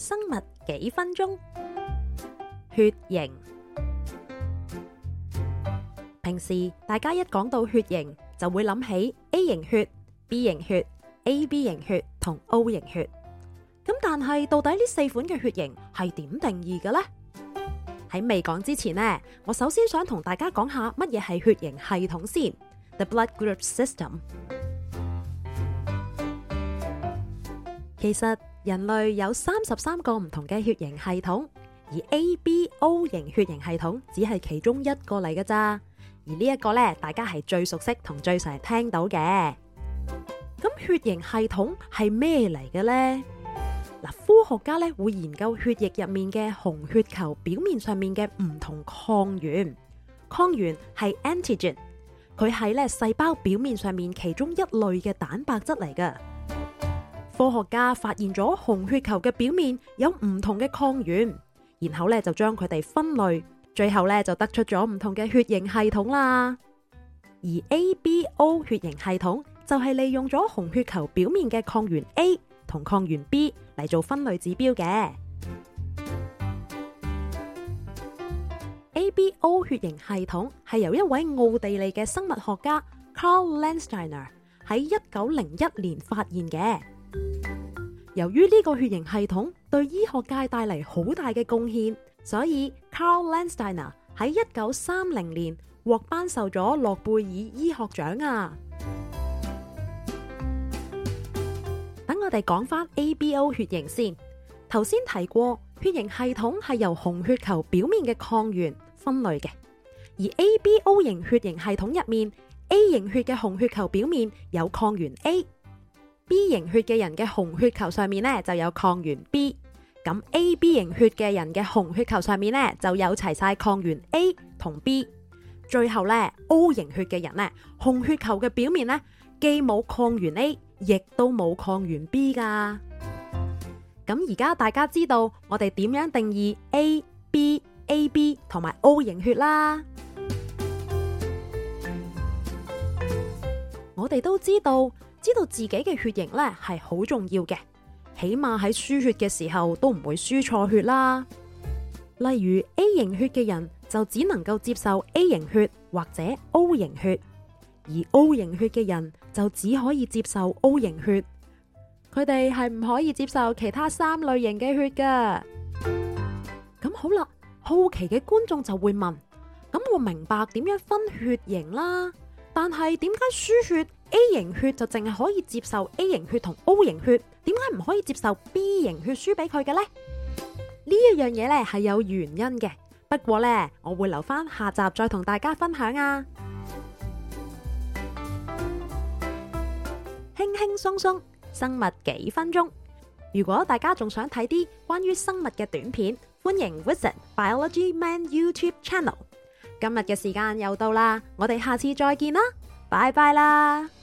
生物幾分鐘，血型。平時大家一講到血型，就會諗起 A 型血、B 型血、AB 型血同 O 型血。咁但係到底呢四款嘅血型係點定義嘅呢？喺未講之前呢，我首先想同大家講下乜嘢係血型系統先。The Blood Group System 其實。人類有三十三個唔同嘅血型系統，而 ABO 型血型系統只係其中一個嚟㗎咋。而呢一個咧，大家係最熟悉同最常聽到嘅。咁血型系統係咩嚟嘅呢？嗱，科學家咧會研究血液入面嘅紅血球表面上面嘅唔同抗原，抗原係 antigen，佢係咧細胞表面上面其中一類嘅蛋白質嚟㗎。科學家發現咗紅血球嘅表面有唔同嘅抗原，然後咧就將佢哋分類，最後咧就得出咗唔同嘅血型系統啦。而 A B O 血型系統就係利用咗紅血球表面嘅抗原 A 同抗原 B 嚟做分類指標嘅。 A B O 血型系統係由一位奧地利嘅生物學家 Carl Landsteiner 喺一九零一年發現嘅。由於呢個血型系統對醫學界帶嚟好大嘅貢獻，所以 Carl Landsteiner 喺一九三零年獲頒授咗諾貝爾醫學獎啊！等 我哋講翻 A B O 血型先。頭先提過，血型系統係由紅血球表面嘅抗原分類嘅，而 A B O 型血型系統入面，A 型血嘅紅血球表面有抗原 A。B 型血嘅人嘅紅血球上面呢，就有抗原 B，咁 AB 型血嘅人嘅紅血球上面呢，就有齊晒抗原 A 同 B，最後呢 O 型血嘅人呢，紅血球嘅表面呢，既冇抗原 A，亦都冇抗原 B 㗎。咁而家大家知道我哋點樣定義 A、B、AB 同埋 O 型血啦。我哋都知道。知道自己嘅血型咧係好重要嘅，起碼喺輸血嘅時候都唔會輸錯血啦。例如 A 型血嘅人就只能夠接受 A 型血或者 O 型血，而 O 型血嘅人就只可以接受 O 型血，佢哋係唔可以接受其他三類型嘅血噶。咁好啦，好奇嘅觀眾就會問：咁我明白點樣分血型啦？但係點解輸血 A 型血就淨係可以接受 A 型血同 O 型血，點解唔可以接受 B 型血輸俾佢嘅呢？呢一樣嘢咧係有原因嘅。不過咧，我會留翻下集再同大家分享啊！輕輕鬆鬆生物幾分鐘。如果大家仲想睇啲關於生物嘅短片，歡迎 visit Biology Man YouTube channel。今日嘅時間又到喇，我哋下次再見啦，拜拜喇！